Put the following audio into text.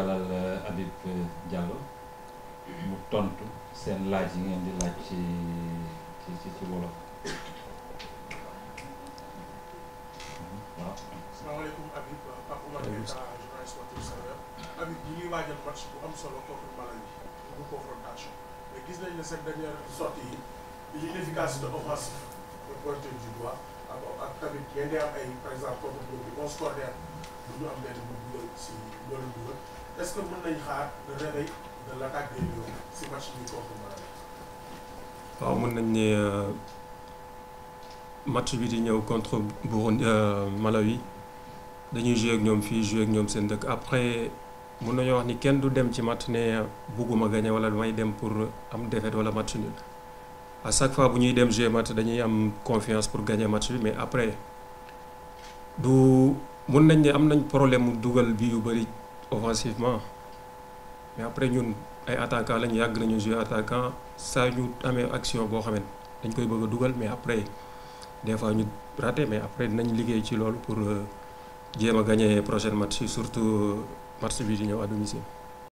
dalal euh, Habib euh, Diallo mu tontu seen laaj yi ngeen di laaj ci ci ci wolof waaw. asalaamaaleykum Habib euh, Pape Oumar Keita journaliste sportif Seneweb Habib ñu ngi waajal match bu am solo contre Malawi bu confrontation mais gis nañ ne seen dernière sortie yi l'inefficacité offensive le pointer du doigt ak ak tamit yéen am ay par exemple contre Gambie on score du ñu am benn bu dugal si loolu dugal est-ce que mën nañ xaar match bi ne euh, match di ñëw contre Burundi euh, Malawi dañuy jouer ñoom fii jouer ñoom seen dëkk après mën nañoo wax ni kenn du dem ci match ne euh, bugguma gagné wala damay dem pour am défaite wala match nul à chaque fois bu ñuy dem jouer match dañuy am confiance pour gagner match bi mais après du mën nañ ne am nañ problème mu dugal bi yu bëri offensivement mais après ñun ay attaquant lañ yàgg nañu jouer attaquant saa ñu amee action boo xam ne dañ koy bëgg dugal mais après des fois ñu raté mais après dinañ liggéey ci loolu pour euh, jéem a gagner prochain match surtout euh, match bi di ñëw à